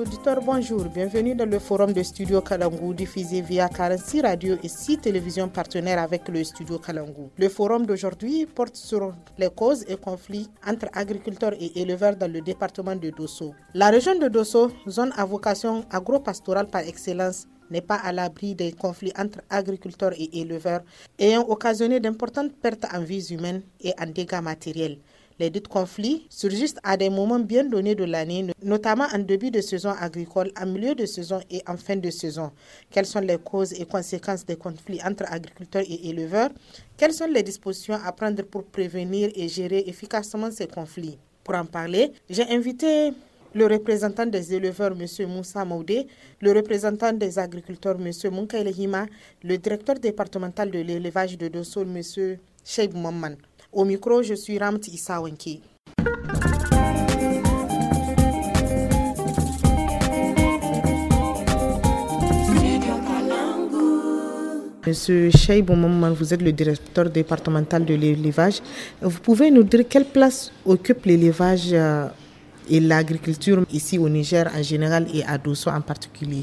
auditeurs, bonjour. Bienvenue dans le forum de Studio Kalangou diffusé via 46 radios et 6 télévisions partenaires avec le Studio Kalangou. Le forum d'aujourd'hui porte sur les causes et conflits entre agriculteurs et éleveurs dans le département de Dosso. La région de Dosso, zone à vocation agro-pastorale par excellence, n'est pas à l'abri des conflits entre agriculteurs et éleveurs, ayant occasionné d'importantes pertes en vies humaines et en dégâts matériels. Les deux conflits surgissent à des moments bien donnés de l'année, notamment en début de saison agricole, en milieu de saison et en fin de saison. Quelles sont les causes et conséquences des conflits entre agriculteurs et éleveurs Quelles sont les dispositions à prendre pour prévenir et gérer efficacement ces conflits Pour en parler, j'ai invité le représentant des éleveurs, M. Moussa Maudé, le représentant des agriculteurs, M. Hima, le directeur départemental de l'élevage de Dosso, M. Cheikh Mouman. Au micro, je suis Ramt Issawenki. Monsieur Cheibou vous êtes le directeur départemental de l'élevage. Vous pouvez nous dire quelle place occupe l'élevage euh, et l'agriculture ici au Niger en général et à Dosso en particulier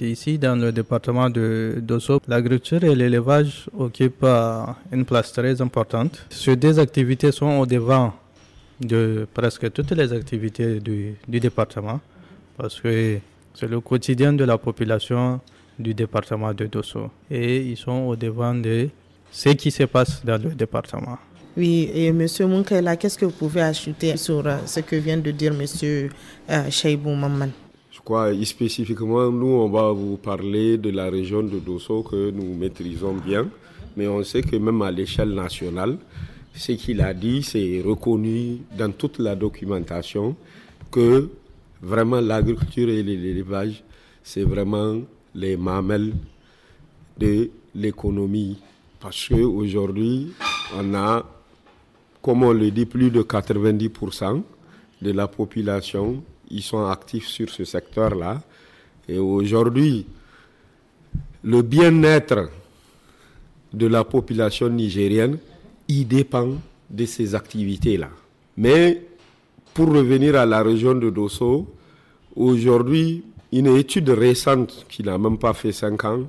ici, dans le département de d'Osso, l'agriculture et l'élevage occupent euh, une place très importante. Ces deux activités sont au devant de presque toutes les activités du, département parce que c'est le quotidien de la population du département de Dosso et ils sont au devant de ce qui se passe dans le département. Oui, et M. Munkela, qu'est-ce que vous pouvez ajouter sur euh, ce que vient de dire M. Euh, Cheibou Mamman Quoi, spécifiquement, nous, on va vous parler de la région de Dosso que nous maîtrisons bien, mais on sait que même à l'échelle nationale, ce qu'il a dit, c'est reconnu dans toute la documentation que vraiment l'agriculture et l'élevage, c'est vraiment les mamelles de l'économie. Parce qu'aujourd'hui, on a, comme on le dit, plus de 90% de la population ils sont actifs sur ce secteur-là. Et aujourd'hui, le bien-être de la population nigérienne, il dépend de ces activités-là. Mais pour revenir à la région de Dosso, aujourd'hui, une étude récente qui n'a même pas fait 5 ans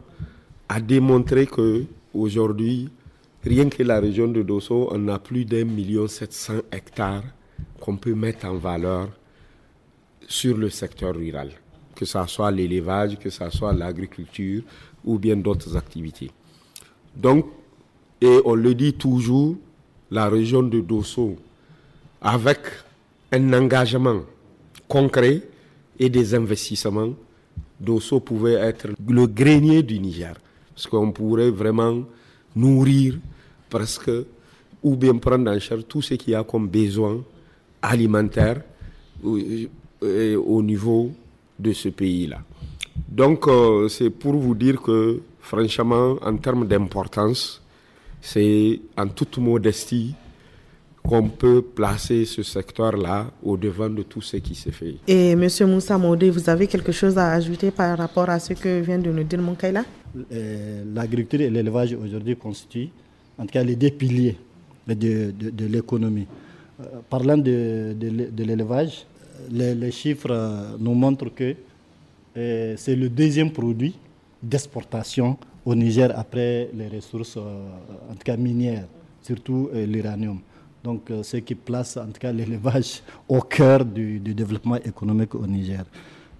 a démontré que aujourd'hui, rien que la région de Dosso, on a plus d'un million sept cents hectares qu'on peut mettre en valeur sur le secteur rural, que ce soit l'élevage, que ce soit l'agriculture ou bien d'autres activités. Donc, et on le dit toujours, la région de Dosso, avec un engagement concret et des investissements, Dosso pouvait être le grenier du Niger. Parce qu'on pourrait vraiment nourrir presque ou bien prendre en charge tout ce qu'il y a comme besoin alimentaire au niveau de ce pays-là. Donc, euh, c'est pour vous dire que, franchement, en termes d'importance, c'est en toute modestie qu'on peut placer ce secteur-là au devant de tout ce qui s'est fait. Et M. Moussa Maudé, vous avez quelque chose à ajouter par rapport à ce que vient de nous dire Monkaïla euh, L'agriculture et l'élevage aujourd'hui constituent, en tout cas, les deux piliers de, l'économie. Euh, parlant de l'élevage, les, chiffres euh, nous montrent que euh, c'est le deuxième produit d'exportation au Niger après les ressources, euh, en tout cas minières, surtout l'uranium. Donc, ce qui place en tout cas l'élevage au cœur du, développement économique au Niger.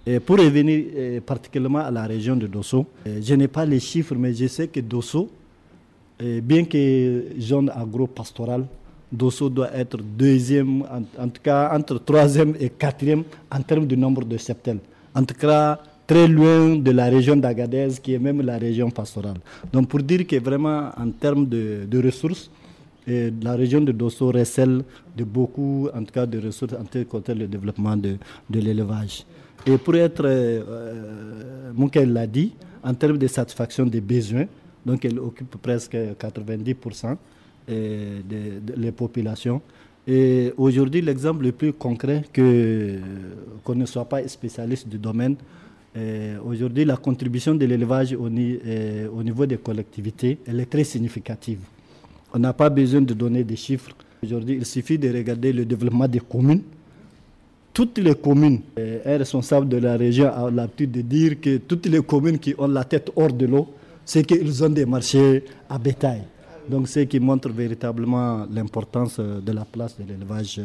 Et pour revenir particulièrement à la région de Dosso, je n'ai pas les chiffres, mais je sais que Dosso, bien que zone agro-pastorale, Dosso doit être deuxième, en, tout cas entre troisième et quatrième en termes de nombre de septelles. En tout cas, très loin de la région d'Agadez, qui est même la région pastorale. Donc, pour dire que vraiment, en termes de, ressources, la région de Dosso recèle de beaucoup, en tout cas, de ressources en termes de développement de, l'élevage. Et pour être, euh, euh l'a dit, en termes de satisfaction des besoins, donc elle occupe presque 90% de, les populations. Et aujourd'hui, l'exemple le plus concret, que qu'on ne soit pas spécialiste du domaine, aujourd'hui, la contribution de l'élevage au, au, niveau des collectivités, elle est très significative. On n'a pas besoin de donner des chiffres. Aujourd'hui, il suffit de regarder le développement des communes. Toutes les communes, un responsable de la région a l'habitude de dire que toutes les communes qui ont la tête hors de l'eau, c'est qu'ils ont des marchés à bétail. Donc, ce qui montre véritablement l'importance euh, de la place de l'élevage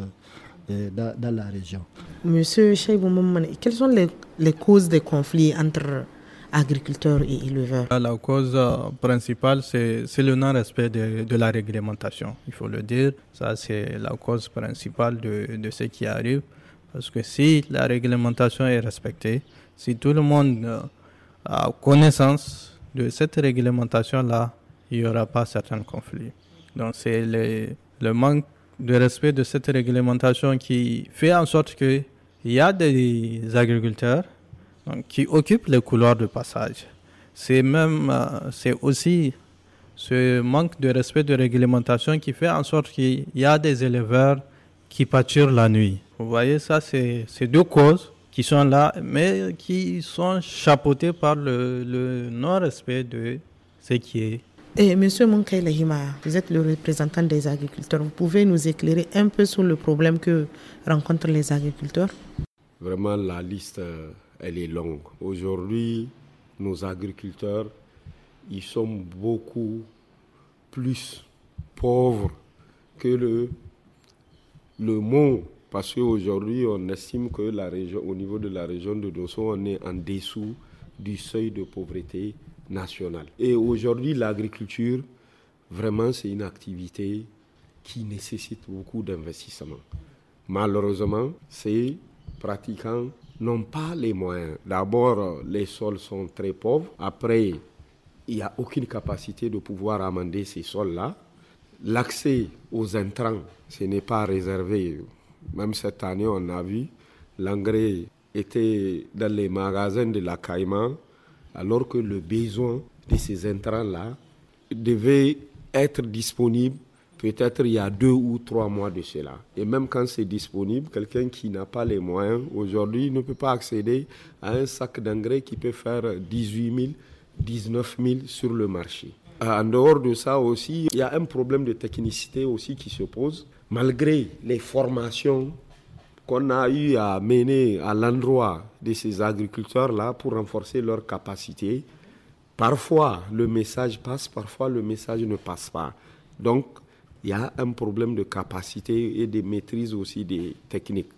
euh, dans, la région. Monsieur Cheibou quelles sont les, causes des conflits entre agriculteurs et éleveurs ah, La cause euh, principale, c'est le non-respect de, la réglementation, il faut le dire. Ça, c'est la cause principale de ce qui arrive. Parce que si la réglementation est respectée, si tout le monde a connaissance de cette réglementation-là, il n'y aura pas certains conflits. Donc c'est le, le, manque de respect de cette réglementation qui fait en sorte qu'il y a des agriculteurs qui occupent les couloirs de passage. C'est même, euh, c'est aussi ce manque de respect de réglementation qui fait en sorte qu'il y a des éleveurs qui pâturent la nuit. Vous voyez, ça, c'est deux causes qui sont là, mais qui sont chapeautées par le non-respect de ce qui est et eh, Monsieur Lahima, vous êtes le représentant des agriculteurs. Vous pouvez nous éclairer un peu sur le problème que rencontrent les agriculteurs Vraiment, la liste, euh, elle est longue. Aujourd'hui, nos agriculteurs, ils sont beaucoup plus pauvres que le, le Parce qu'aujourd'hui, on estime que la région, au niveau de la région de Dosso, on est en dessous du seuil de pauvreté nationale. Et aujourd'hui, l'agriculture, vraiment, c'est une activité qui nécessite beaucoup d'investissement. Malheureusement, ces pratiquants n'ont pas les moyens. D'abord, les sols sont très pauvres. Après, il n'y a aucune capacité de pouvoir amender ces sols-là. L'accès aux intrants, ce n'est pas réservé. Même cette année, on a vu, l'engrais était dans les magasins de la Caïman alors que le besoin de ces intrants-là devait être disponible peut-être il y a deux ou trois mois de cela. Et même quand c'est disponible, quelqu'un qui n'a pas les moyens aujourd'hui ne peut pas accéder à un sac d'engrais qui peut faire 18 000, 19 000 sur le marché. Euh, en dehors de ça aussi, il y a un problème de technicité aussi qui se pose. Malgré les formations qu'on a eu à mener à l'endroit de ces agriculteurs-là pour renforcer leur capacité. Parfois, le message passe, parfois, le message ne passe pas. Donc, il y a un problème de capacité et de maîtrise aussi des techniques.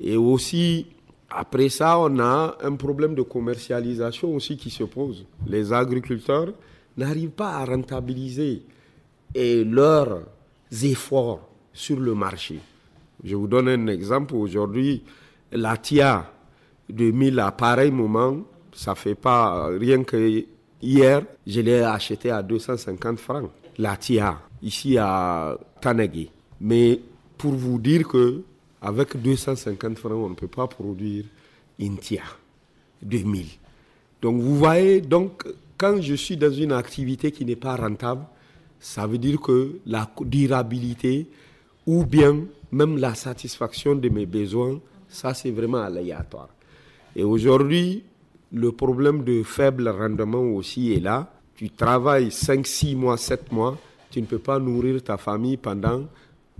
Et aussi, après ça, on a un problème de commercialisation aussi qui se pose. Les agriculteurs n'arrivent pas à rentabiliser leurs efforts sur le marché. Je vous donne un exemple. Aujourd'hui, la TIA 2000, à pareil moment, ça fait pas rien que hier, je l'ai acheté à 250 francs. La TIA, ici à Tanegui. Mais pour vous dire que avec 250 francs, on ne peut pas produire une TIA 2000. Donc vous voyez, donc quand je suis dans une activité qui n'est pas rentable, ça veut dire que la durabilité, ou bien même la satisfaction de mes besoins, ça c'est vraiment aléatoire. Et aujourd'hui, le problème de faible rendement aussi est là. Tu travailles 5, 6 mois, 7 mois, tu ne peux pas nourrir ta famille pendant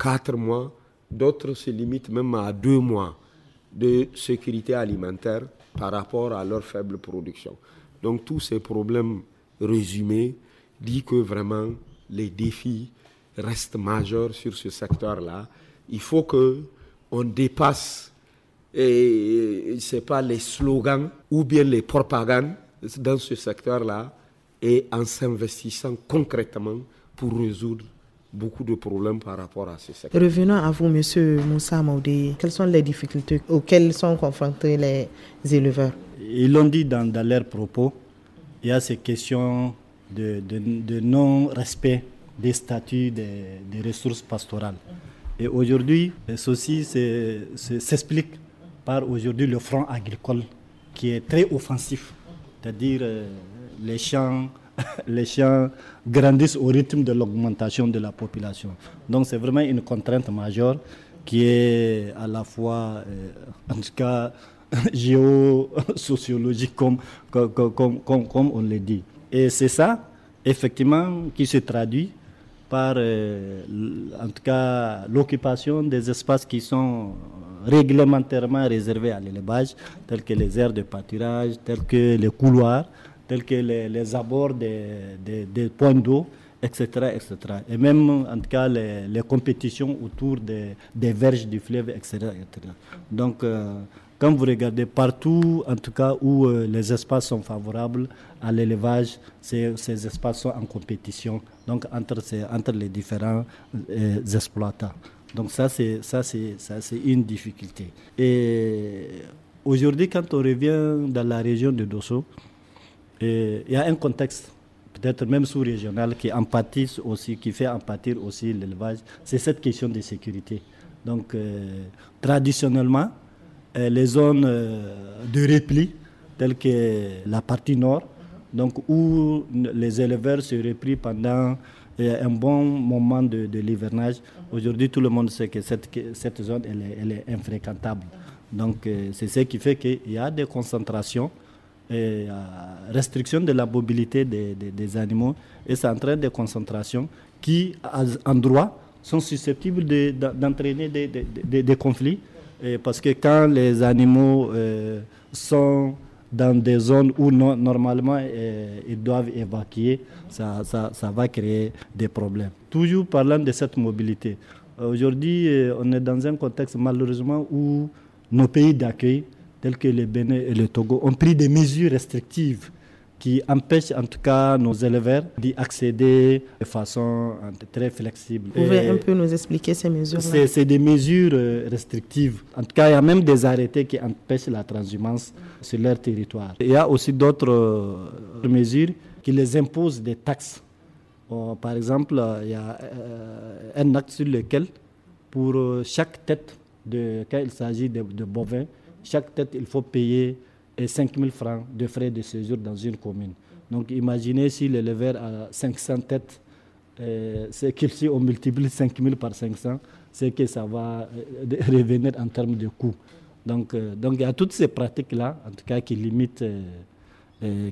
4 mois. D'autres se limitent même à 2 mois de sécurité alimentaire par rapport à leur faible production. Donc tous ces problèmes résumés disent que vraiment les défis reste majeur sur ce secteur-là. Il faut que on dépasse, et, pas les slogans ou bien les propagandes dans ce secteur-là, et en s'investissant concrètement pour résoudre beaucoup de problèmes par rapport à ce secteur. Revenons à vous, Monsieur Moussa Maudé. Quelles sont les difficultés auxquelles sont confrontés les éleveurs Ils l'ont dit dans, leurs propos. Il y a ces questions de non-respect des statuts des, ressources pastorales. Et aujourd'hui, ceci s'explique par aujourd'hui le front agricole qui est très offensif, c'est-à-dire euh, les champs. les champs grandissent au rythme de l'augmentation de la population. Donc c'est vraiment une contrainte majeure qui est à la fois, euh, en tout cas, géosociologique, comme, comme, comme, comme on le dit. Et c'est ça, effectivement, qui se traduit par, euh, en tout cas, l'occupation des espaces qui sont euh, réglementairement réservés à l'élevage, tels que les aires de pâturage, tels que les couloirs, tels que les, abords des, des, points d'eau, etc., etc. Et même, en tout cas, les, compétitions autour des, des, verges du fleuve, etc. Donc, euh, quand vous regardez partout, en tout cas où euh, les espaces sont favorables à l'élevage, ces espaces sont en compétition, donc entre, entre les différents euh, exploitants. Donc ça, c'est une difficulté. Et aujourd'hui, quand on revient dans la région de Dosso, euh, il y a un contexte peut-être même sous-régional qui empathise aussi, qui fait empathir aussi l'élevage, c'est cette question de sécurité. Donc, traditionnellement, euh, les zones euh, de repli, telles que la partie nord, donc où les éleveurs se replient pendant euh, un bon moment de, l'hivernage. Aujourd'hui, tout le monde sait que cette, cette zone, elle est, infréquentable. Donc, c'est ce qui fait qu'il y a des concentrations et restriction de la mobilité des, des, animaux et ça entraîne des concentrations qui, en droit, sont susceptibles d'entraîner des conflits parce que quand les animaux euh, sont dans des zones où normalement euh, ils doivent évacuer, ça, ça, va créer des problèmes. Toujours parlant de cette mobilité, euh, aujourd'hui on est dans un contexte malheureusement où nos pays d'accueil, tels que le Bénin et le Togo, ont pris des mesures restrictives qui empêche en tout cas nos éleveurs d'y accéder de façon très flexible. Vous pouvez un peu nous expliquer ces mesures-là C'est des mesures euh, restrictives. En tout cas, il y a même des arrêtés qui empêchent la transhumance sur leur territoire. Il y a aussi d'autres euh, mesures qui les imposent des taxes. Oh, par exemple, il y a euh, un acte sur lequel, pour chaque tête, de, quand il s'agit de, de bovins, chaque tête, il faut payer et 5 000 francs de frais de séjour dans une commune. Donc imaginez si l'éleveur a 500 têtes, euh, c'est que si on multiplie 5 000 par 500, c'est que ça va euh, revenir en termes de coût. Donc, euh, donc il y a toutes ces pratiques-là, en tout cas, qui limitent,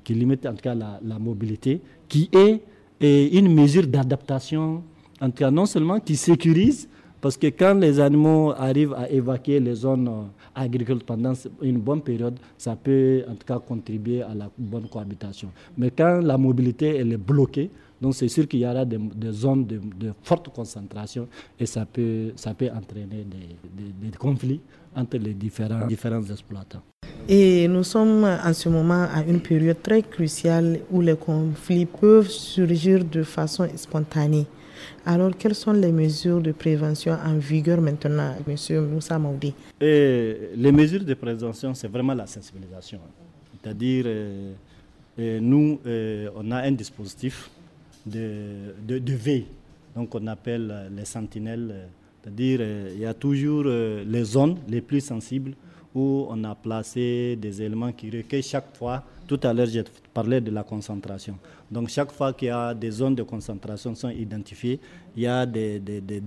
qui limite en tout cas la, mobilité, qui est, est une mesure d'adaptation, en tout cas non seulement qui sécurise, parce que quand les animaux arrivent à évacuer les zones euh, agricoles pendant une bonne période, ça peut en tout cas contribuer à la bonne cohabitation. Mais quand la mobilité est bloquée, donc c'est sûr qu'il y aura des, zones de, forte concentration et ça peut, ça peut entraîner des, des conflits entre les différents, différents exploitants. Et nous sommes en ce moment à une période très cruciale où les conflits peuvent surgir de façon spontanée. Alors, quelles sont les mesures de prévention en vigueur maintenant, M. Moussa Maudi Les mesures de prévention, c'est vraiment la sensibilisation. C'est-à-dire, euh, euh, nous, euh, on a un dispositif de, de, de veille, donc on appelle les sentinelles. C'est-à-dire, il y a toujours les zones les plus sensibles où on a placé des éléments qui recueillent chaque fois. Tout à l'heure, j'ai parlé de la concentration. Donc, chaque fois qu'il y a des zones de concentration sont identifiées, il y a des,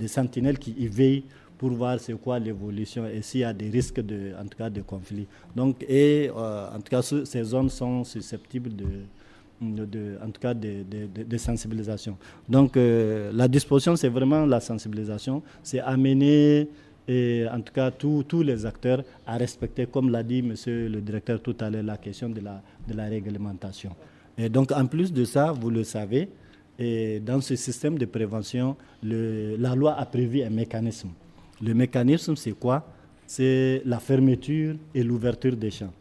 sentinelles qui y veillent pour voir c'est quoi l'évolution et s'il y a des risques de, en tout cas de conflit. Donc, et euh, en tout cas, ces zones sont susceptibles de, en tout cas de, sensibilisation. Donc euh, la disposition, c'est vraiment la sensibilisation, c'est amener et en tout cas tous les acteurs à respecter, comme l'a dit monsieur le directeur tout à l'heure, la question de la, de la réglementation. Et donc en plus de ça, vous le savez, et dans ce système de prévention, le, la loi a prévu un mécanisme. Le mécanisme, c'est quoi C'est la fermeture et l'ouverture des champs.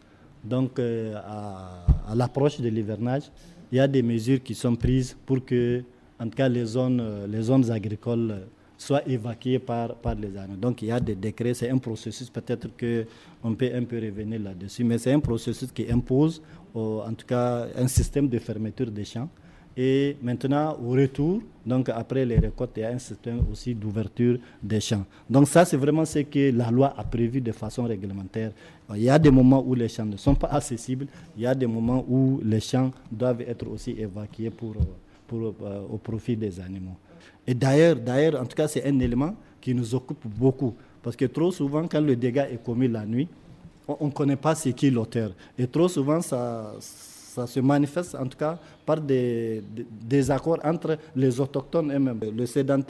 Donc, euh, à, l'approche de l'hivernage, il y a des mesures qui sont prises pour que, en tout cas, les zones, euh, les zones agricoles soit évacué par, par les animaux Donc il y a des décrets, c'est un processus, peut-être qu'on peut un peu revenir là-dessus, mais c'est un processus qui impose en tout cas un système de fermeture des champs. Et maintenant, au retour, donc après les récoltes, il y a un système aussi d'ouverture des champs. Donc ça, c'est vraiment ce que la loi a prévu de façon réglementaire. Il y a des moments où les champs ne sont pas accessibles, il y a des moments où les champs doivent être aussi évacués pour, pour, euh, au profit des animaux. Et d'ailleurs, d'ailleurs, en tout cas, c'est un élément qui nous occupe beaucoup. Parce que trop souvent, quand le dégât est commis la nuit, on ne connaît pas c'est qui l'auteur. Et trop souvent, ça, se manifeste en tout cas par des, désaccords accords entre les autochtones eux-mêmes.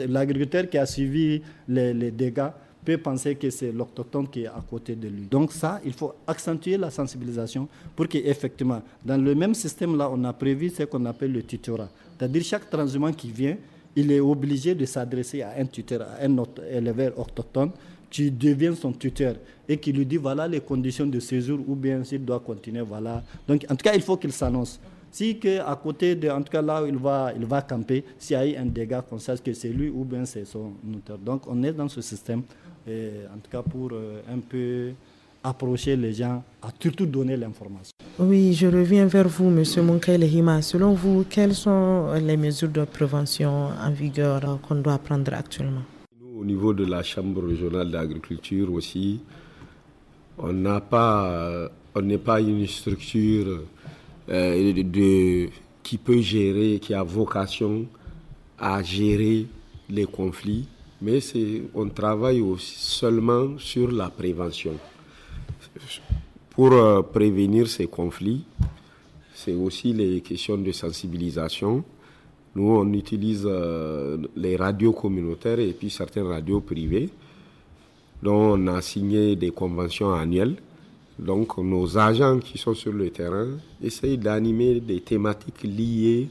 L'agriculteur qui a suivi les, dégâts peut penser que c'est l'autochtone qui est à côté de lui. Donc ça, il faut accentuer la sensibilisation pour qu'effectivement, dans le même système-là, on a prévu ce qu'on appelle le tutorat. C'est-à-dire chaque transhumant qui vient, il est obligé de s'adresser à un tuteur, à un autre éleveur autochtone qui devient son tuteur et qui lui dit voilà les conditions de séjour ou bien s'il doit continuer, voilà. Donc en tout cas, il faut qu'il s'annonce. Si que à côté de, en tout cas là où il va, il va camper, s'il y a un dégât, qu'on sache que c'est lui ou bien c'est son tuteur Donc on est dans ce système, en tout cas pour euh, un peu approcher les gens, à tout donner l'information. Oui, je reviens vers vous, M. Monkele Hima. Selon vous, quelles sont les mesures de prévention en vigueur euh, qu'on doit prendre actuellement Nous, au niveau de la Chambre régionale d'agriculture aussi, on n'a pas, euh, on n'est pas une structure euh, qui peut gérer, qui a vocation à gérer les conflits, mais on travaille aussi seulement sur la prévention pour euh, prévenir ces conflits, c'est aussi les questions de sensibilisation. Nous, on utilise euh, les radios communautaires et puis certaines radios privées, dont on a signé des conventions annuelles. Donc, nos agents qui sont sur le terrain essayent d'animer des thématiques liées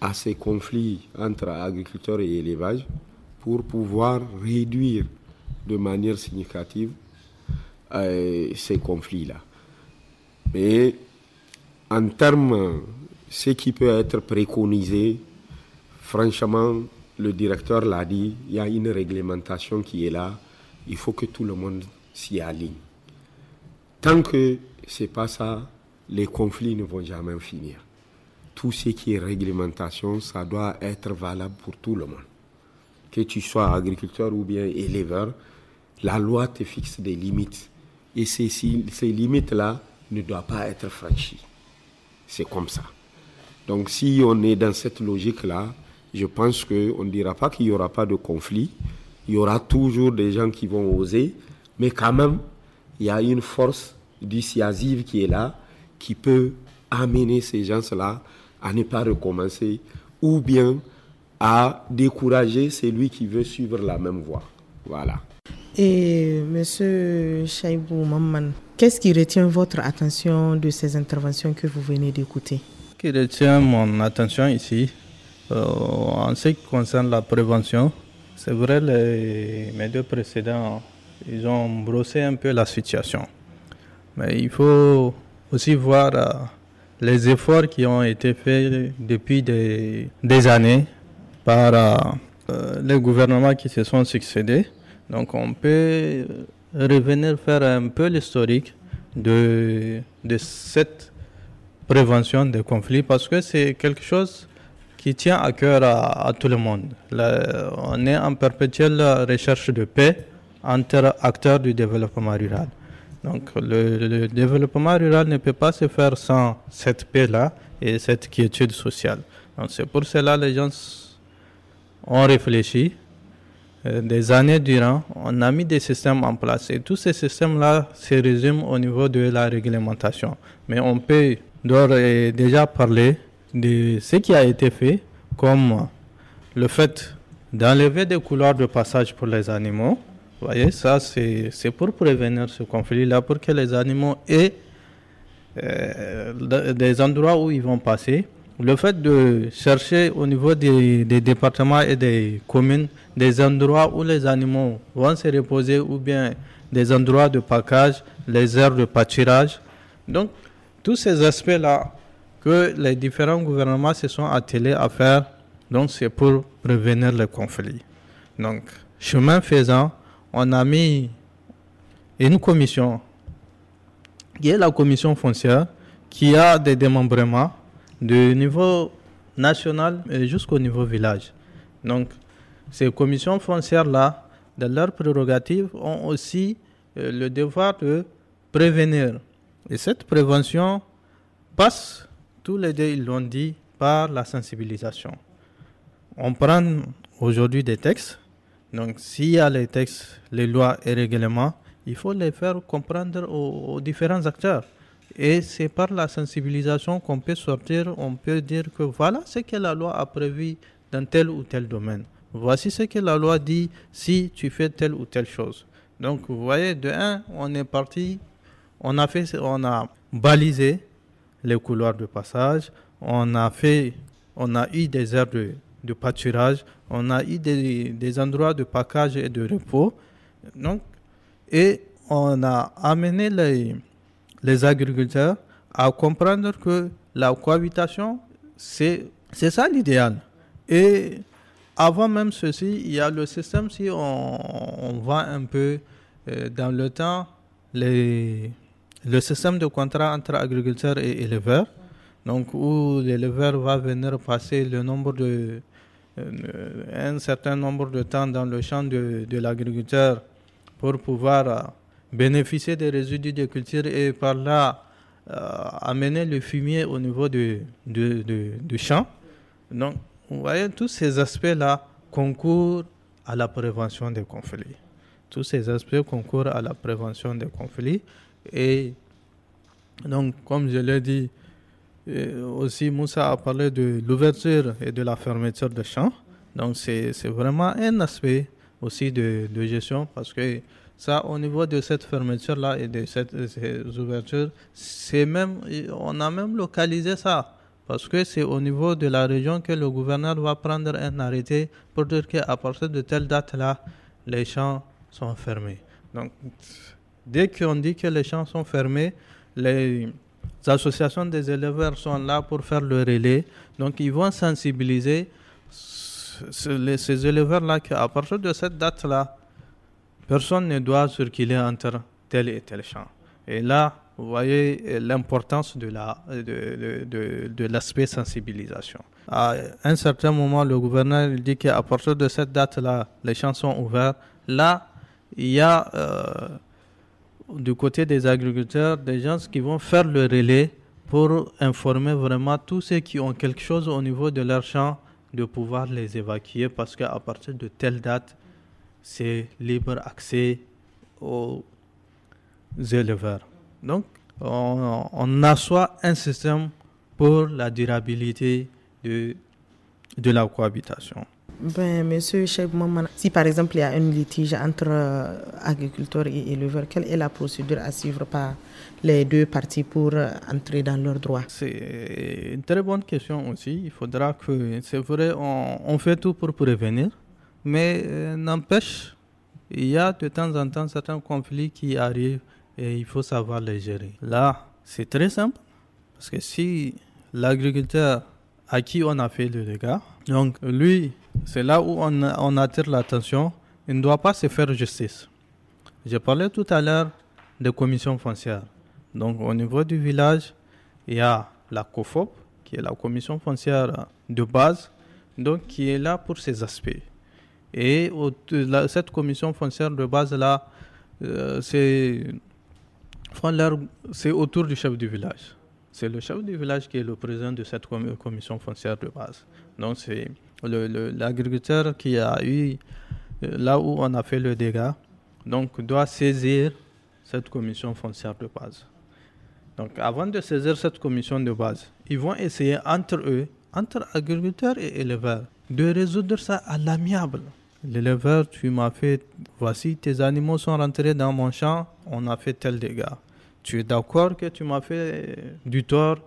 à ces conflits entre agriculteurs et élevage pour pouvoir réduire de manière significative euh, ces conflits-là. Mais en termes, ce qui peut être préconisé, franchement, le directeur l'a dit, il y a une réglementation qui est là, il faut que tout le monde s'y aligne. Tant que ce n'est pas ça, les conflits ne vont jamais finir. Tout ce qui est réglementation, ça doit être valable pour tout le monde. Que tu sois agriculteur ou bien éleveur, la loi te fixe des limites. Et ces, limites-là ne doivent pas être franchies. C'est comme ça. Donc si on est dans cette logique-là, je pense qu'on ne dira pas qu'il n'y aura pas de conflit. Il y aura toujours des gens qui vont oser. Mais quand même, il y a une force dissuasive qui est là, qui peut amener ces gens-là à ne pas recommencer ou bien à décourager celui qui veut suivre la même voie. Voilà. Et Monsieur Chaibou Mamman, qu'est-ce qui retient votre attention de ces interventions que vous venez d'écouter Ce qui retient mon attention ici, euh, en ce qui concerne la prévention, c'est vrai, les, mes deux précédents, ils ont brossé un peu la situation. Mais il faut aussi voir euh, les efforts qui ont été faits depuis des, années par euh, les gouvernements qui se sont succédés donc on peut euh, revenir faire un peu l'historique de, cette prévention des conflits parce que c'est quelque chose qui tient à cœur à, tout le monde. on est en perpétuelle recherche de paix entre acteurs du développement rural. Donc le, développement rural ne peut pas se faire sans cette paix-là et cette quiétude sociale. Donc c'est pour cela que les gens ont réfléchi euh, des années durant, on a mis des systèmes en place. Et tous ces systèmes-là se résument au niveau de la réglementation. Mais on peut d'ores et déjà parler de ce qui a été fait, comme le fait d'enlever des couloirs de passage pour les animaux. Vous voyez, ça, c'est pour prévenir ce conflit-là, pour que les animaux aient euh, des endroits où ils vont passer le fait de chercher au niveau des, départements et des communes des endroits où les animaux vont se reposer ou bien des endroits de package, les aires de pâturage. Donc, tous ces aspects-là que les différents gouvernements se sont attelés à faire, donc c'est pour prévenir les conflits. Donc, chemin faisant, on a mis une commission, qui est la commission foncière, qui a des démembrements du niveau national jusqu'au niveau village. Donc, ces commissions foncières-là, dans leurs prérogatives, ont aussi euh, le devoir de prévenir. Et cette prévention passe, tous les deux ils l'ont dit, par la sensibilisation. On prend aujourd'hui des textes. Donc, s'il y a les textes, les lois et règlements, il faut les faire comprendre aux différents acteurs. Et c'est par la sensibilisation qu'on peut sortir, on peut dire que voilà ce que la loi a prévu dans tel ou tel domaine. Voici ce que la loi dit si tu fais telle ou telle chose. Donc vous voyez, de un, on est parti, on a, fait, on a balisé les couloirs de passage, on a, fait, on a eu des aires de, pâturage, on a eu des, des endroits de package et de repos. Donc, et on a amené les les agriculteurs à comprendre que la cohabitation, c'est ça l'idéal. Et avant même ceci, il y a le système, si on, on va un peu euh, dans le temps, les, le système de contrat entre agriculteurs et éleveurs, donc où l'éleveur va venir passer le nombre de, euh, un certain nombre de temps dans le champ de, de l'agriculteur pour pouvoir euh, bénéficier des résidus de culture et par là euh, amener le fumier au niveau du, du, champ. Donc, vous voyez, tous ces aspects-là concourent à la prévention des conflits. Tous ces aspects concourent à la prévention des conflits. Et donc, comme je l'ai dit, euh, aussi Moussa a parlé de l'ouverture et de la fermeture de champs. Donc, c'est vraiment un aspect aussi de, de gestion parce que ça, au niveau de cette fermeture-là et de cette, ces ouvertures, c'est même, on a même localisé ça. Parce que c'est au niveau de la région que le gouverneur va prendre un arrêté pour dire qu'à partir de telle date-là, les champs sont fermés. Donc, dès qu'on dit que les champs sont fermés, les associations des éleveurs sont là pour faire le relais. Donc, ils vont sensibiliser ces éleveurs-là qu'à partir de cette date-là, Personne ne doit circuler entre tel et tel champ. Et là, vous voyez l'importance de l'aspect de, de, sensibilisation. À un certain moment, le gouverneur dit qu'à partir de cette date-là, les champs sont ouverts. Là, il y a euh, du côté des agriculteurs des gens qui vont faire le relais pour informer vraiment tous ceux qui ont quelque chose au niveau de leur champ de pouvoir les évacuer parce qu'à partir de telle date, c'est libre accès aux éleveurs. Donc, on, on assoit un système pour la durabilité de, de la cohabitation. Ben, monsieur Cheikh Maman, si par exemple il y a un litige entre euh, agriculteurs et éleveurs, quelle est la procédure à suivre par les deux parties pour euh, entrer dans leurs droits C'est une très bonne question aussi. Il faudra que, c'est vrai, on fait tout pour prévenir, mais euh, n'empêche, il y a de temps en temps certains conflits qui arrivent et il faut savoir les gérer. Là, c'est très simple parce que si l'agriculteur à qui on a fait le dégât, donc lui, c'est là où on, attire l'attention, il ne doit pas se faire justice. Je parlais tout à l'heure de commissions foncières. Donc au niveau du village, il y a la COFOP, qui est la commission foncière de base, donc qui est là pour ces aspects. Et cette commission foncière de base là, euh, c'est c'est autour du chef du village. C'est le chef du village qui est le président de cette commission foncière de base. Donc c'est l'agriculteur qui a eu euh, là où on a fait le dégât, donc doit saisir cette commission foncière de base. Donc avant de saisir cette commission de base, ils vont essayer entre eux, entre agriculteurs et éleveurs, de résoudre ça à l'amiable. L'éleveur, tu m'as fait, voici, tes animaux sont rentrés dans mon champ, on a fait tel dégât. Tu es d'accord que tu m'as fait euh, du tort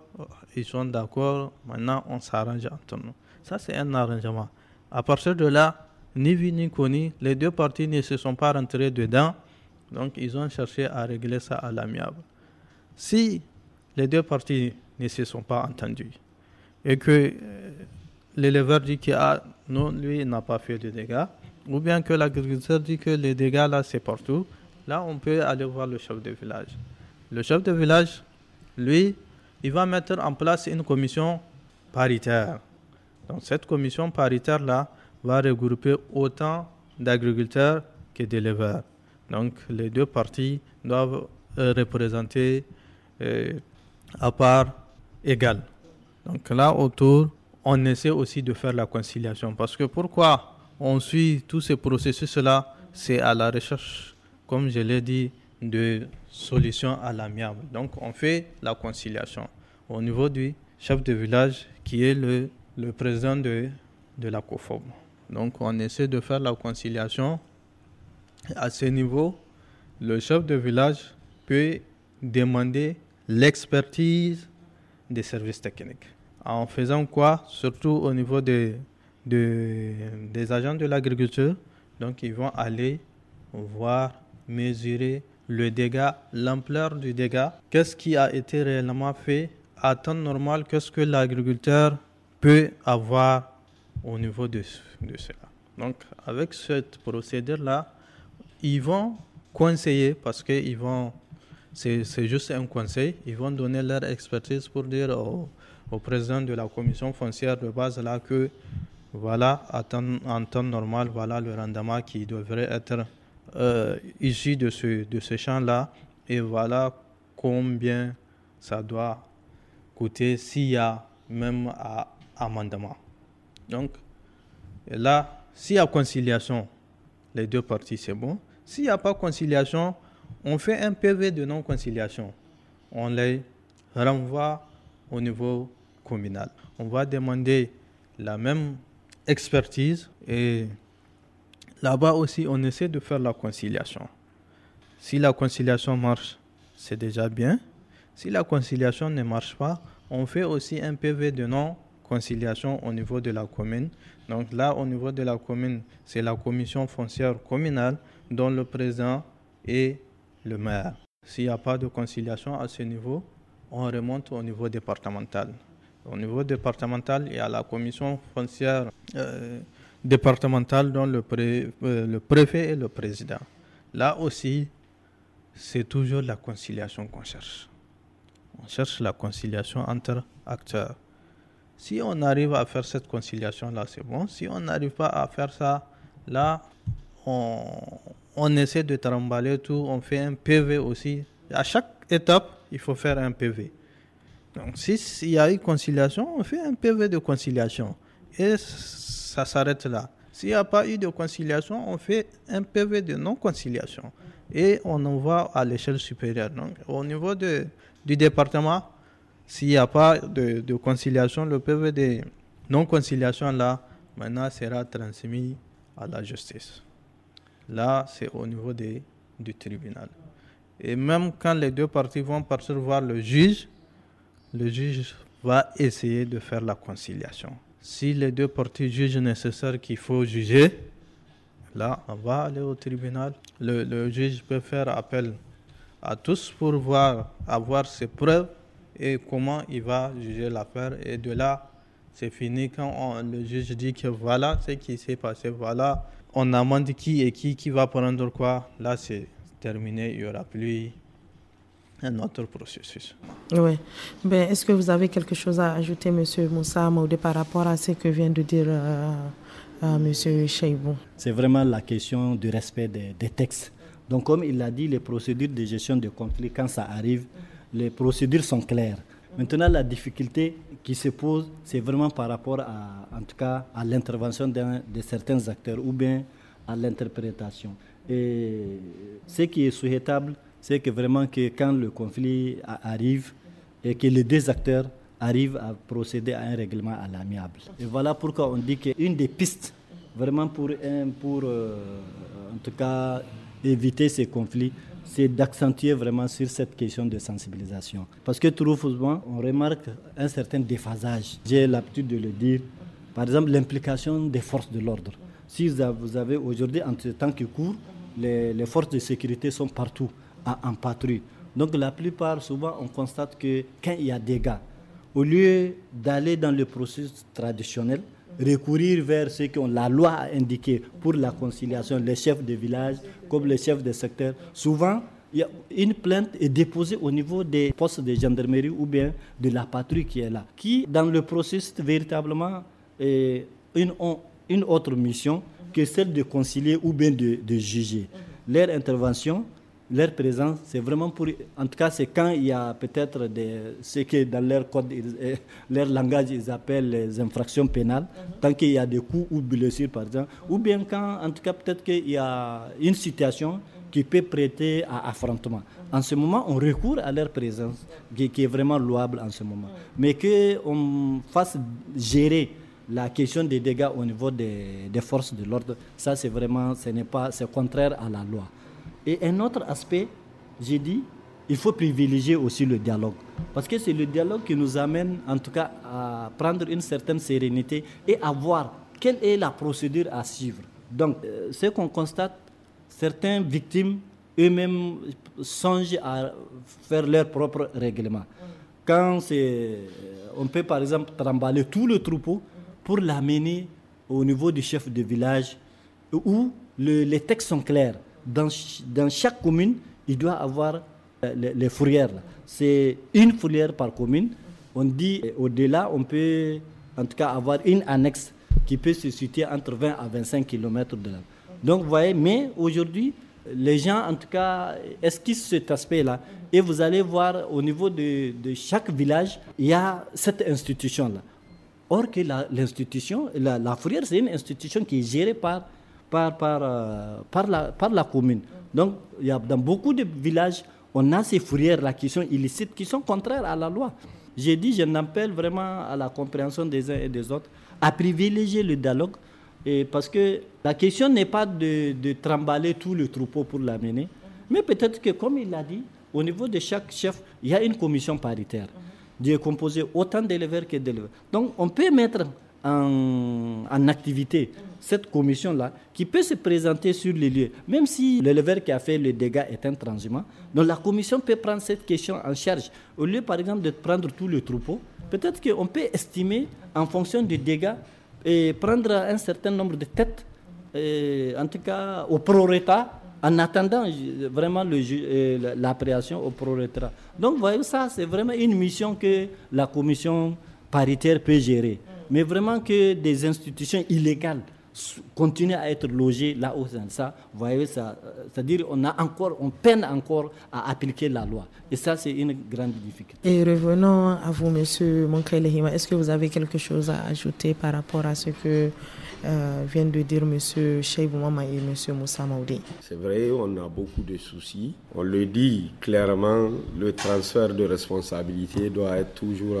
Ils sont d'accord, maintenant on s'arrange entre nous. Ça, c'est un arrangement. À partir de là, ni vu ni connu, les deux parties ne se sont pas rentrées dedans, donc ils ont cherché à régler ça à l'amiable. Si les deux parties ne se sont pas entendues et que euh, l'éleveur dit que a ah, non, lui, n'a pas fait de dégâts, ou bien que l'agriculteur dit que les dégâts là c'est partout, là on peut aller voir le chef de village. Le chef de village, lui, il va mettre en place une commission paritaire. Donc cette commission paritaire là va regrouper autant d'agriculteurs que d'éleveurs. Donc les deux parties doivent euh, représenter euh, à part égale. Donc là autour, on essaie aussi de faire la conciliation parce que pourquoi on suit tous ces processus-là, c'est à la recherche, comme je l'ai dit, de solutions à l'amiable. Donc, on fait la conciliation au niveau du chef de village qui est le, président de, de la COFOB. Donc, on essaie de faire la conciliation. À ce niveau, le chef de village peut demander l'expertise des services techniques. En faisant quoi Surtout au niveau des de, des agents de l'agriculture. Donc, ils vont aller voir, mesurer le dégât, l'ampleur du dégât, qu'est-ce qui a été réellement fait à temps normal, qu'est-ce que l'agriculteur peut avoir au niveau de, de cela. Donc, avec cette procédure-là, ils vont conseiller parce que ils vont, c'est juste un conseil, ils vont donner leur expertise pour dire au, au président de la commission foncière de base là que voilà, en temps normal, voilà le rendement qui devrait être euh, issu de ce, de champ-là. Et voilà combien ça doit coûter s'il y a même un amendement. Donc, là, s'il y a conciliation, les deux parties, c'est bon. S'il n'y a pas conciliation, on fait un PV de non-conciliation. On les renvoie au niveau communal. On va demander la même expertise. Et là-bas aussi, on essaie de faire la conciliation. Si la conciliation marche, c'est déjà bien. Si la conciliation ne marche pas, on fait aussi un PV de non-conciliation au niveau de la commune. Donc là, au niveau de la commune, c'est la commission foncière communale dont le président est le maire. S'il n'y a pas de conciliation à ce niveau, on remonte au niveau départemental au niveau départemental et à la commission foncière euh, départementale dont le, euh, le préfet et le président. Là aussi, c'est toujours la conciliation qu'on cherche. On cherche la conciliation entre acteurs. Si on arrive à faire cette conciliation-là, c'est bon. Si on n'arrive pas à faire ça, là, on, on essaie de trimballer tout. On fait un PV aussi. À chaque étape, il faut faire un PV. Donc, s'il y a eu conciliation, on fait un PV de conciliation. Et ça s'arrête là. S'il n'y a pas eu de conciliation, on fait un PV de non-conciliation. Et on envoie à l'échelle supérieure. Donc, au niveau de, du département, s'il n'y a pas de, de, conciliation, le PV de non-conciliation, là, maintenant, sera transmis à la justice. Là, c'est au niveau des, du tribunal. Et même quand les deux parties vont partir voir le juge, le juge va essayer de faire la conciliation. Si les deux parties jugent nécessaire qu'il faut juger, là, on va aller au tribunal. Le, juge peut faire appel à tous pour voir, avoir ses preuves et comment il va juger l'affaire. Et de là, c'est fini quand le juge dit que voilà ce qui s'est passé, voilà, on amende qui et qui, qui va prendre quoi. Là, c'est terminé, il n'y aura plus un autre processus. Oui. Ben, Est-ce que vous avez quelque chose à ajouter, M. Moussa Maudé par rapport à ce que vient de dire euh, euh, M. Cheibou C'est vraiment la question du respect des, textes. Donc, comme il l'a dit, les procédures de gestion de conflits, quand ça arrive, les procédures sont claires. Maintenant, la difficulté qui se pose, c'est vraiment par rapport à, en tout cas, à l'intervention de certains acteurs ou bien à l'interprétation. Et ce qui est souhaitable, c'est que vraiment que quand le conflit arrive et que les deux acteurs arrivent à procéder à un règlement à l'amiable. Et voilà pourquoi on dit qu'une des pistes, vraiment pour, pour euh, en tout cas éviter ces conflits, c'est d'accentuer vraiment sur cette question de sensibilisation. Parce que trop souvent, on remarque un certain déphasage. J'ai l'habitude de le dire. Par exemple, l'implication des forces de l'ordre. Si vous avez aujourd'hui, en ce temps qui court, les forces de sécurité sont partout à en patrouille. Donc la plupart, souvent, on constate que quand il y a des gars, au lieu d'aller dans le processus traditionnel, recourir vers ce ont la loi a indiqué pour la conciliation, les chefs de village comme les chefs de secteur, souvent, il une plainte est déposée au niveau des postes de gendarmerie ou bien de la patrouille qui est là, qui, dans le processus, véritablement, ont une, une autre mission que celle de concilier ou bien de, de juger. Leur intervention leur présence, c'est vraiment pour. En tout cas, c'est quand il y a peut-être ce que dans euh, leur langage, ils appellent les infractions pénales, mhm. tant qu'il y a des coups ou blessures, par exemple, mhm. ou bien quand, en tout cas, peut-être qu'il y a une situation qui peut prêter à affrontement. Mhm. En ce moment, on recourt à leur présence, qui, est vraiment louable en ce moment. Mais qu'on fasse gérer la question des dégâts au niveau des, des forces de l'ordre, ça, c'est vraiment, ce n'est pas, c'est contraire à la loi. Et un autre aspect, j'ai dit, il faut privilégier aussi le dialogue. Parce que c'est le dialogue qui nous amène, en tout cas, à prendre une certaine sérénité et à voir quelle est la procédure à suivre. Donc, euh, ce qu'on constate, certaines victimes eux-mêmes songent à faire leur propre règlement. Quand c'est, euh, on peut par exemple trimballer tout le troupeau pour l'amener au niveau du chef de village où les textes sont clairs dans, chaque commune, il doit avoir euh, les, les fourrières. C'est une fourrière par commune. On dit euh, au-delà, on peut en tout cas avoir une annexe qui peut se situer entre 20 à 25 km de là. Donc vous voyez, mais aujourd'hui, les gens en tout cas esquissent cet aspect-là. Et vous allez voir au niveau de, chaque village, il y a cette institution-là. Or que l'institution, la, la, la, fourrière, c'est une institution qui est gérée par par, par, euh, par, la, par la commune. Donc, il y a, dans beaucoup de villages, on a ces fourrières-là qui sont illicites, qui sont contraires à la loi. J'ai dit, je n'appelle vraiment à la compréhension des uns et des autres, à privilégier le dialogue, et parce que la question n'est pas de, de trembler tout le troupeau pour l'amener, mais peut-être que, comme il l'a dit, au niveau de chaque chef, il y a une commission paritaire, qui est composée autant d'éleveurs que d'éleveurs. Donc, on peut mettre en, activité, cette commission-là, qui peut se présenter sur les lieux, même si l'éleveur qui a fait le dégât est transhumant donc la commission peut prendre cette question en charge. Au lieu, par exemple, de prendre tout le troupeau, peut-être qu'on peut estimer, en fonction du dégât, et prendre un certain nombre de têtes, euh, en tout cas au prorata, en attendant euh, vraiment euh, l'appréhension au prorata. Donc, voyez, ça, c'est vraiment une mission que la commission paritaire peut gérer mais vraiment que des institutions illégales continuent à être logées là-haut. Ça, vous voyez, ça, euh, c'est-à-dire on a encore, on peine encore à appliquer la loi. Et ça, c'est une grande difficulté. Et revenons à vous, Monsieur Monkelehima, Est-ce que vous avez quelque chose à ajouter par rapport à ce que euh, viennent de dire Monsieur Cheibou Mama et Monsieur Moussa Maoudi C'est vrai, on a beaucoup de soucis. On le dit clairement, le transfert de responsabilité doit être toujours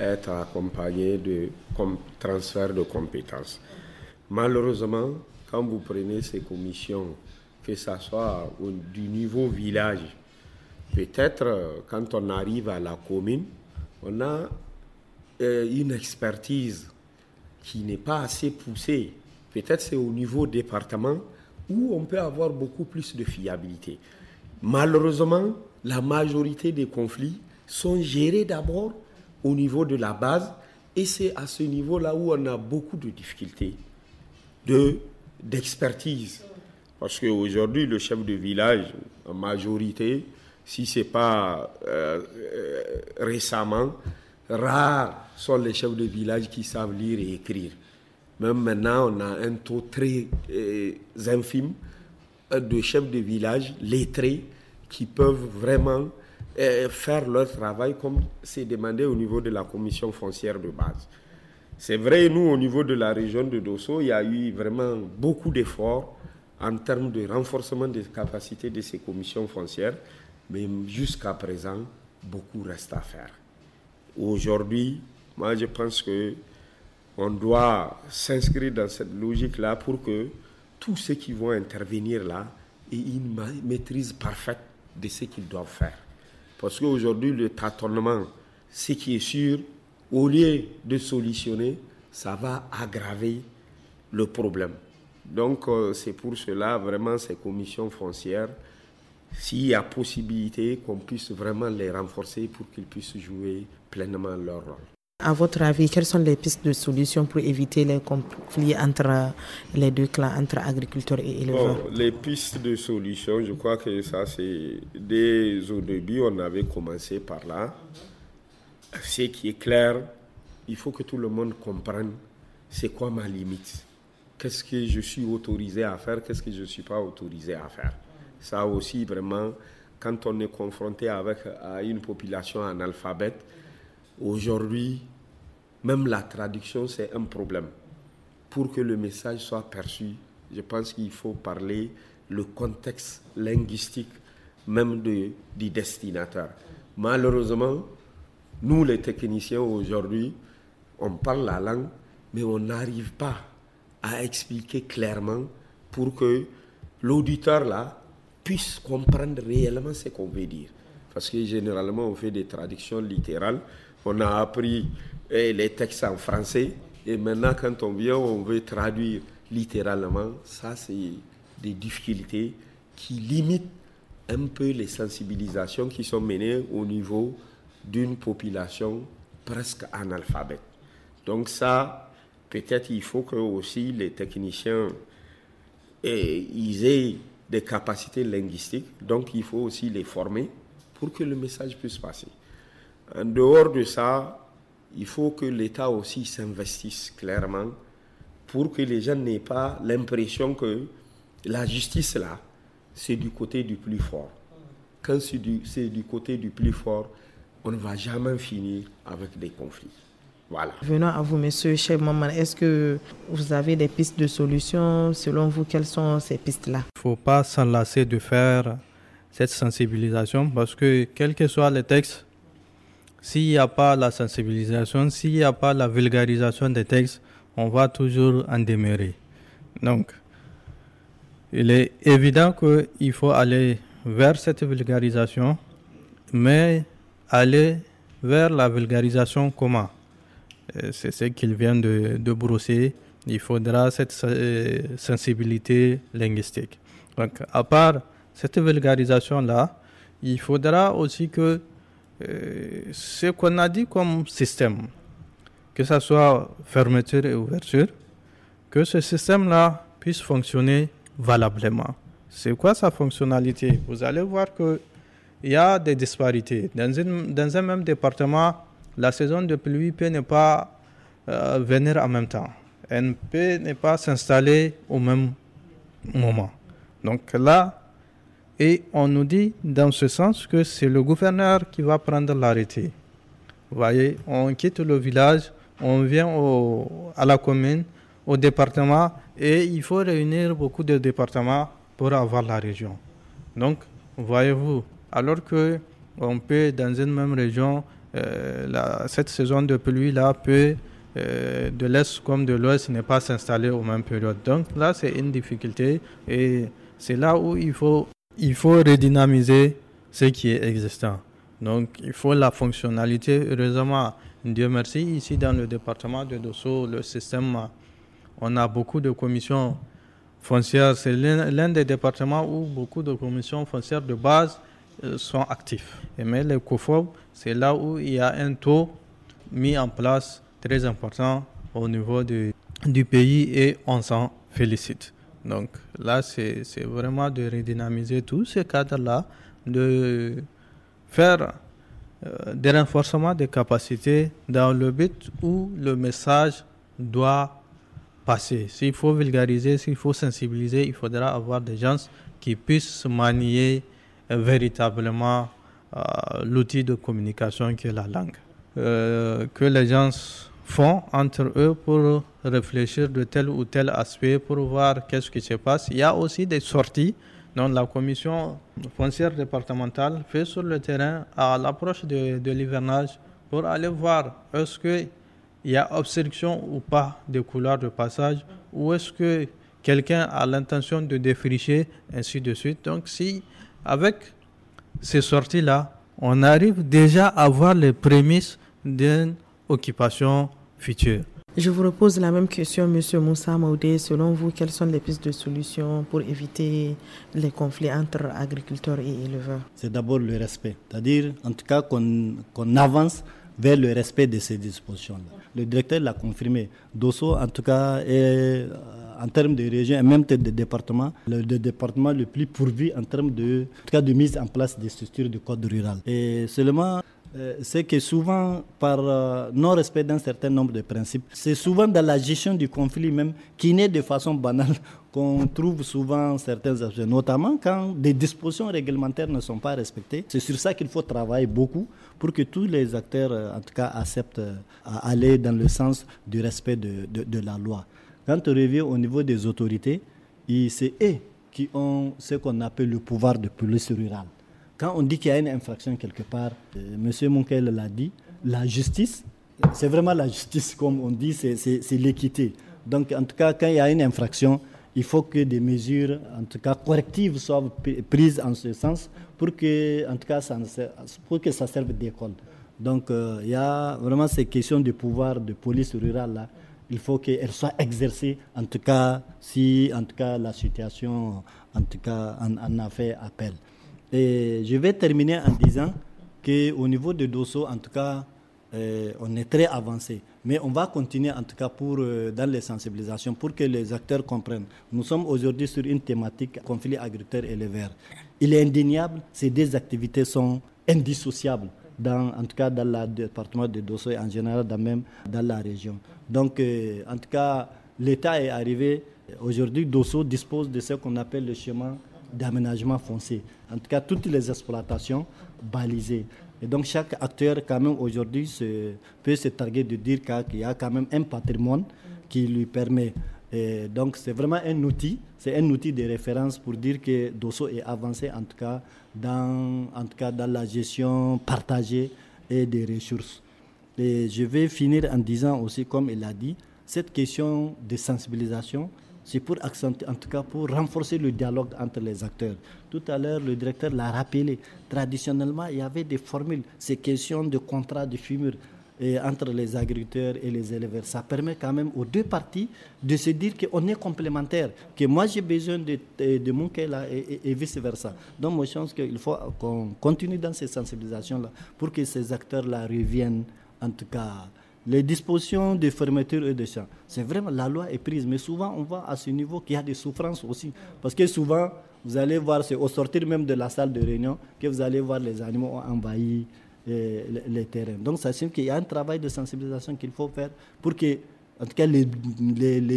être accompagné de transfert de compétences. Malheureusement, quand vous prenez ces commissions, que ce soit du niveau village, peut-être euh, quand on arrive à la commune, on a euh, une expertise qui n'est pas assez poussée. Peut-être c'est au niveau département où on peut avoir beaucoup plus de fiabilité. Malheureusement, la majorité des conflits sont gérés d'abord au niveau de la base. Et c'est à ce niveau-là où on a beaucoup de difficultés de, d'expertise. Parce aujourd'hui le chef de village, en majorité, si ce n'est pas euh, euh, récemment, rares sont les chefs de village qui savent lire et écrire. Même maintenant, on a un taux très euh, infime de chefs de village lettrés qui peuvent vraiment faire leur travail comme c'est demandé au niveau de la commission foncière de base. C'est vrai, nous, au niveau de la région de Dosso, il y a eu vraiment beaucoup d'efforts en termes de renforcement des capacités de ces commissions foncières, mais jusqu'à présent, beaucoup reste à faire. Aujourd'hui, moi, je pense que on doit s'inscrire dans cette logique-là pour que tous ceux qui vont intervenir là aient une maîtrise parfaite de ce qu'ils doivent faire. Parce qu'aujourd'hui, le tâtonnement, ce qui est sûr, au lieu de solutionner, ça va aggraver le problème. Donc, euh, c'est pour cela, vraiment, ces commissions foncières, s'il y a possibilité qu'on puisse vraiment les renforcer pour qu'ils puissent jouer pleinement leur rôle. À votre avis, quelles sont les pistes de solution pour éviter les conflits entre les deux clans, entre agriculteurs et éleveurs Les pistes de solution, je crois que ça, c'est dès au début, on avait commencé par là. Ce qui est clair, il faut que tout le monde comprenne c'est quoi ma limite. Qu'est-ce que je suis autorisé à faire, qu'est-ce que je ne suis pas autorisé à faire. Ça aussi, vraiment, quand on est confronté avec, à une population analphabète, Aujourd'hui, même la traduction, c'est un problème. Pour que le message soit perçu, je pense qu'il faut parler le contexte linguistique même du destinataire. Malheureusement, nous les techniciens aujourd'hui, on parle la langue, mais on n'arrive pas à expliquer clairement pour que l'auditeur là puisse comprendre réellement ce qu'on veut dire. Parce que généralement, on fait des traductions littérales on a appris eh, les textes en français. Et maintenant, quand on vient, on veut traduire littéralement. Ça, c'est des difficultés qui limitent un peu les sensibilisations qui sont menées au niveau d'une population presque analphabète. Donc ça, peut-être il faut que aussi les techniciens eh, aient des capacités linguistiques. Donc il faut aussi les former pour que le message puisse passer. En dehors de ça, il faut que l'État aussi s'investisse clairement pour que les gens n'aient pas l'impression que la justice, là, c'est du côté du plus fort. Quand c'est du, du côté du plus fort, on ne va jamais finir avec des conflits. Voilà. Venons à vous, monsieur Cheikh Maman, est-ce que vous avez des pistes de solutions Selon vous, quelles sont ces pistes-là Il ne faut pas s'enlacer de faire cette sensibilisation parce que, quels que soient les textes, s'il n'y a pas la sensibilisation, s'il n'y a pas la vulgarisation des textes, on va toujours en demeurer. Donc, il est évident qu'il faut aller vers cette vulgarisation, mais aller vers la vulgarisation comment euh, C'est ce qu'il vient de, de, brosser. Il faudra cette euh, sensibilité linguistique. Donc, à part cette vulgarisation-là, il faudra aussi que euh, ce qu'on a dit comme système, que ce soit fermeture et ouverture, que ce système-là puisse fonctionner valablement. C'est quoi sa fonctionnalité Vous allez voir qu'il y a des disparités. Dans, dans, un même département, la saison de pluie peut ne pas euh, venir en même temps. Elle ne peut pas s'installer au même moment. Donc là, et on nous dit dans ce sens que c'est le gouverneur qui va prendre l'arrêté. Vous voyez, on quitte le village, on vient au, à la commune, au département, et il faut réunir beaucoup de départements pour avoir la région. Donc, voyez-vous, alors que on peut, dans une même région, euh, la, cette saison de pluie-là peut, euh, de l'Est comme de l'Ouest, n'est pas s'installer aux mêmes périodes. Donc là, c'est une difficulté et c'est là où il faut il faut redynamiser ce qui est existant. Donc, il faut la fonctionnalité. Heureusement, Dieu merci, ici dans le département de Dosso, le système, on a beaucoup de commissions foncières. C'est l'un des départements où beaucoup de commissions foncières de base euh, sont actifs. mais le COFOB, c'est là où il y a un taux mis en place très important au niveau du pays et on s'en félicite. Donc là, c'est vraiment de redynamiser tous ces cadres-là, de faire euh, des renforcements des capacités dans le but où le message doit passer. S'il faut vulgariser, s'il faut sensibiliser, il faudra avoir des gens qui puissent manier euh, véritablement euh, l'outil de communication qui est la langue. que les gens font entre eux pour réfléchir de tel ou tel aspect, pour voir qu'est-ce qui se passe. Il y a aussi des sorties dont la commission foncière départementale fait sur le terrain à l'approche de, de l'hivernage pour aller voir est-ce qu'il y a obstruction ou pas des couloirs de passage, ou est-ce que quelqu'un a l'intention de défricher, ainsi de suite. Donc si avec ces sorties-là, on arrive déjà à voir les prémices d'une occupation futur Je vous repose la même question, Monsieur Moussa Maoudé. Selon vous, quelles sont les pistes de solution pour éviter les conflits entre agriculteurs et éleveurs C'est d'abord le respect, c'est-à-dire en tout cas qu'on avance vers le respect de ces dispositions-là. Le directeur l'a confirmé. Dosso, en tout cas, est euh, en termes de région et même de département, le, département le plus pourvu en termes de, tout cas de mise en place des structures de code rural. Et seulement euh, c'est que souvent, par euh, non-respect d'un certain nombre de principes, c'est souvent dans la gestion du conflit même, qui n'est de façon banale, qu'on trouve souvent certains aspects, notamment quand des dispositions réglementaires ne sont pas respectées. C'est sur ça qu'il faut travailler beaucoup pour que tous les acteurs, euh, en tout cas, acceptent à aller dans le sens du respect de, de la loi. Quand on revient au niveau des autorités, c'est eux qui ont ce qu'on appelle le pouvoir de police rurale. Quand on dit qu'il y a une infraction quelque part, M. Euh, Monsieur l'a dit, la justice, c'est vraiment la justice, comme on dit, c'est l'équité. Donc, en tout cas, quand il y a une infraction, il faut que des mesures, en tout cas correctives, soient prises en ce sens pour que, en tout cas, ça, pour que ça serve d'école. Donc, euh, il y a vraiment ces questions de pouvoir de police rurale là. Il faut qu'elles soient exercées, en tout cas, si en tout cas la situation en tout cas en a fait appel je vais terminer en disant qu'au niveau de Dosso, en tout cas, euh, on est très avancé. Mais on va continuer, en tout cas, pour, euh, dans les sensibilisations, pour que les acteurs comprennent. Nous sommes aujourd'hui sur une thématique conflit agriculteur-éleveur. Il est indéniable, ces deux activités sont indissociables. en tout cas dans le département de Dosso et en général dans même dans la région. Donc, euh, en tout cas, l'État est arrivé. Aujourd'hui, Dosso dispose de ce qu'on appelle le chemin d'aménagement foncier en tout cas toutes les exploitations balisées. Et donc chaque acteur quand même aujourd'hui peut se targuer de dire qu'il y a quand même un patrimoine qui lui permet. donc c'est vraiment un outil, c'est un outil de référence pour dire que Dosso est avancé en tout cas dans, en tout cas dans la gestion partagée et des ressources. Et je vais finir en disant aussi, comme il l'a dit, cette question de sensibilisation, c'est pour accentuer, en tout cas pour renforcer le dialogue entre les acteurs. Tout à l'heure, le directeur l'a rappelé. Traditionnellement, il y avait des formules, ces questions de contrat de fumure entre les agriculteurs et les éleveurs. Ça permet quand même aux deux parties de se dire qu'on est complémentaires, que moi j'ai besoin de, de mon et, vice-versa. Donc moi je pense qu'il faut qu'on continue dans ces sensibilisations-là pour que ces acteurs-là reviennent en tout cas les dispositions de fermeture et de champs. C'est vraiment la loi est prise, mais souvent on voit à ce niveau qu'il y a des souffrances aussi. Parce que souvent, vous allez voir, c'est au sortir même de la salle de réunion que vous allez voir les animaux ont envahi euh, les, terrains. Donc ça signifie qu'il y a un travail de sensibilisation qu'il faut faire pour que, en tout cas, les,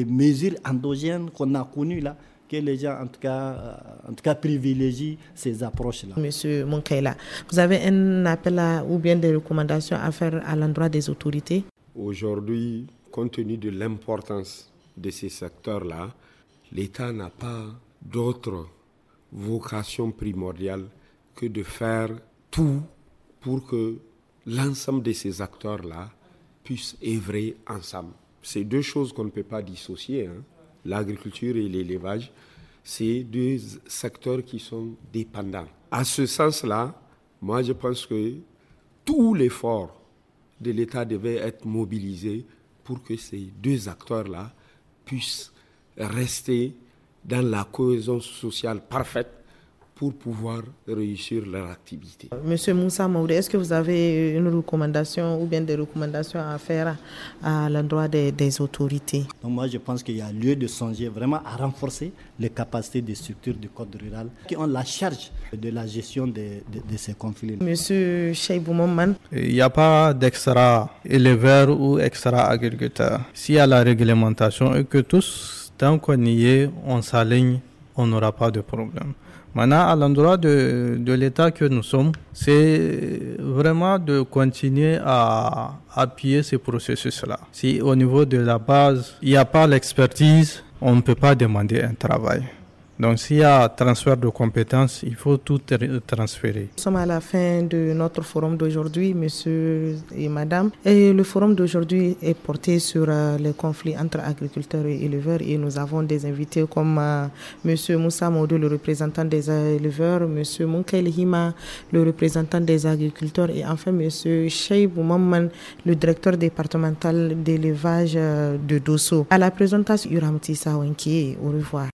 mesures endogènes qu'on a connues là, que les gens, en tout cas, euh, en tout cas privilégient ces approches-là. Monsieur Monkaila, vous avez un appel ou bien des recommandations à faire à l'endroit des autorités Aujourd'hui, compte tenu de l'importance de ces secteurs-là, l'État n'a pas d'autre vocation primordiale que de faire tout pour que l'ensemble de ces acteurs-là puissent œuvrer ensemble. C'est deux choses qu'on ne peut pas dissocier. Hein. L'agriculture et l'élevage, c'est deux secteurs qui sont dépendants. À ce sens-là, moi je pense que tout l'effort de l'État devait être mobilisé pour que ces deux acteurs-là puissent rester dans la cohésion sociale parfaite pour pouvoir réussir leur activité. Monsieur Moussa Maoudé, est-ce que vous avez une recommandation ou bien des recommandations à faire à, l'endroit des, autorités Moi, je pense qu'il y a lieu de songer vraiment à renforcer les capacités des structures du Code rural qui ont la charge de la gestion de, ces conflits. Monsieur Cheibou Il n'y a pas d'extra éleveur ou extra agriculteur. S'il y a la réglementation et que tous, tant qu'on y est, on s'aligne, on n'aura pas de problème. Maintenant, à l'endroit de, l'État que nous sommes, c'est vraiment de continuer à appuyer ces processus-là. Si au niveau de la base, il n'y a pas l'expertise, on ne peut pas demander un travail. Donc s'il y a transfert de compétences, il faut tout transférer. Nous sommes à la fin de notre forum d'aujourd'hui, monsieur et madame. Et le forum d'aujourd'hui est porté sur euh, les conflits entre agriculteurs et éleveurs. Et nous avons des invités comme euh, monsieur Moussa Modou, le représentant des éleveurs, monsieur Munkel Hima, le représentant des agriculteurs, et enfin monsieur Cheibou Mamman, le directeur départemental d'élevage euh, de Dosso. À la présentation, Uramtisa Wenki. Au revoir.